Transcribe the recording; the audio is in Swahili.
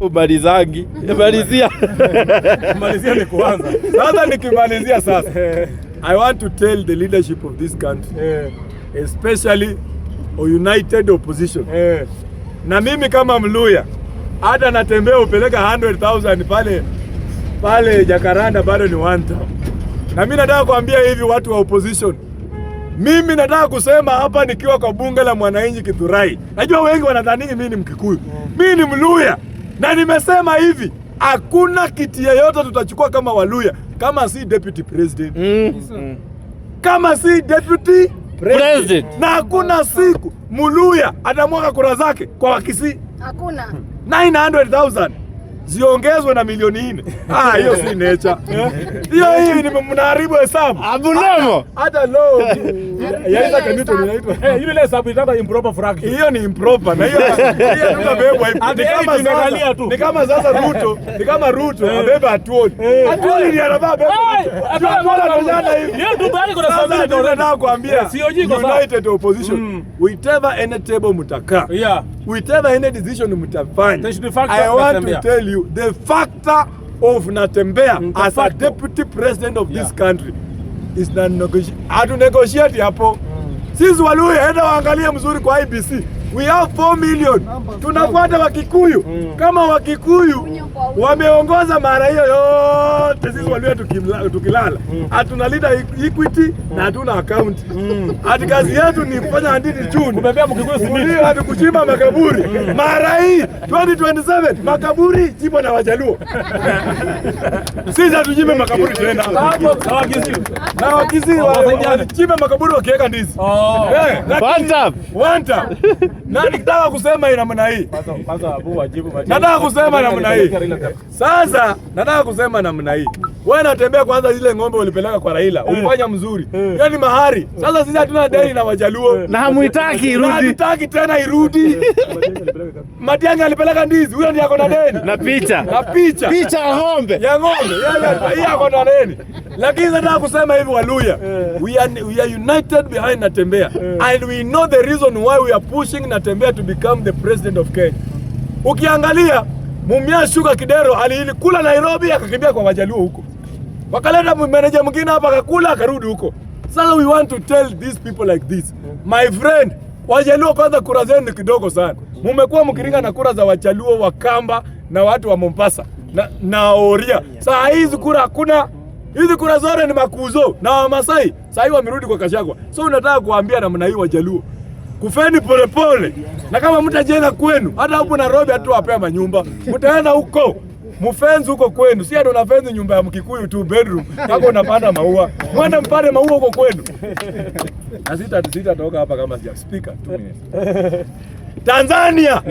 Umalizangi malizia malizia ni kuanza sasa. Nikimalizia sasa, I want to tell the leadership of this country eh. especially a united opposition. Eh. Na mimi kama Mluya hata natembea upeleka 100,000 pale pale Jakaranda bado ni one town. Na mimi nataka kuambia hivi watu wa opposition, mimi nataka kusema hapa nikiwa kwa bunge la mwananchi Kithurai, najua wengi wanadhani mimi ni Mkikuyu, eh. mimi ni Mluya na nimesema hivi hakuna kiti yeyote tutachukua kama Waluya kama si deputy president mm. mm. kama si deputy president, na hakuna siku Muluya atamwaga kura zake kwa Wakisii, hakuna 900,000 ziongezwe na milioni nne. Ah, hiyo si nature eh? hiyo. Hii ni mnaharibu hesabu abunamo, hata lo. yaweza kanito inaitwa eh, ile hesabu inaitwa improper fraction. Hiyo ni improper, na hiyo hiyo ndio bebwa hivi, kama tunaangalia tu, ni kama sasa eh. Ruto, ni kama Ruto eh. abeba atuoni atuoni, ni anabeba beba atuoni, anajana hivi yeye tu bali kuna nataka kuambia eh, United opposition mm. whatever any table mtakaa yeah. whatever any decision mtafanya I want to tell you the factor of natembea mm, as a deputy president of yeah. this country is na negotiate hapo mm. sisi Waluhya, enda waangalie mzuri kwa IBC we have 4 million. Tunafuata Wakikuyu kama Wakikuyu wameongoza mara hiyo yote, sisi walio tukilala, hatuna lida e-, Equity na hatuna account. Hadi kazi yetu ni kufanya andini chuni, hadi kuchimba makaburi. Mara hii 2027 makaburi chipo na Wajaluo, sisi hatuchimbe makaburi, tuenda na Wakizi wachimbe makaburi wakiweka ndizi. Oh. Eh, one tap. One tap na nikitaka kusema namna hii, nataka kusema namna hii sasa, nataka kusema namna hii wewe unatembea kwanza, zile ng'ombe ulipeleka kwa Raila eh. ulifanya mzuri, hiyo eh. ni mahari. Sasa sisi hatuna eh. deni na Wajaluo na hamuitaki irudi, hatutaki tena irudi. Matiang'i alipeleka ndizi, huyo ndiye ako na deni na picha na picha picha ya ng'ombe ya ng'ombe, yeye ako na deni. Lakini nataka kusema hivi, Waluya, we are, we are united behind Natembea and we know the reason why we are pushing Natembea to become the president of Kenya. Ukiangalia Mumia Sugar Kidero alikula Nairobi akakimbia kwa Wajaluo huko wakaleta meneja mwingine hapa akakula akarudi huko. Sasa we want to tell these people like this my friend, Wajaluo kwanza, kura zenu ni kidogo sana. Mumekuwa mkiringa na kura za Wajaluo wa Kamba na watu wa Mombasa na, na Oria. Saa hizi kura hakuna, hizi kura zote ni makuzo na Wamasai. Saa hii wamerudi kwa Kashagwa, so unataka kuambia namna hii Wajaluo kufeni polepole pole. Na kama mtajenga kwenu hata hapo Nairobi hatuwapea manyumba, mtaenda huko mfenzi huko kwenu, si ndo na fenzi nyumba ya Mkikuyu tu bedroom hapo, unapanda maua, mwende mpande maua huko kwenu. Na sita sita toka hapa kama speaker 2 minutes Tanzania.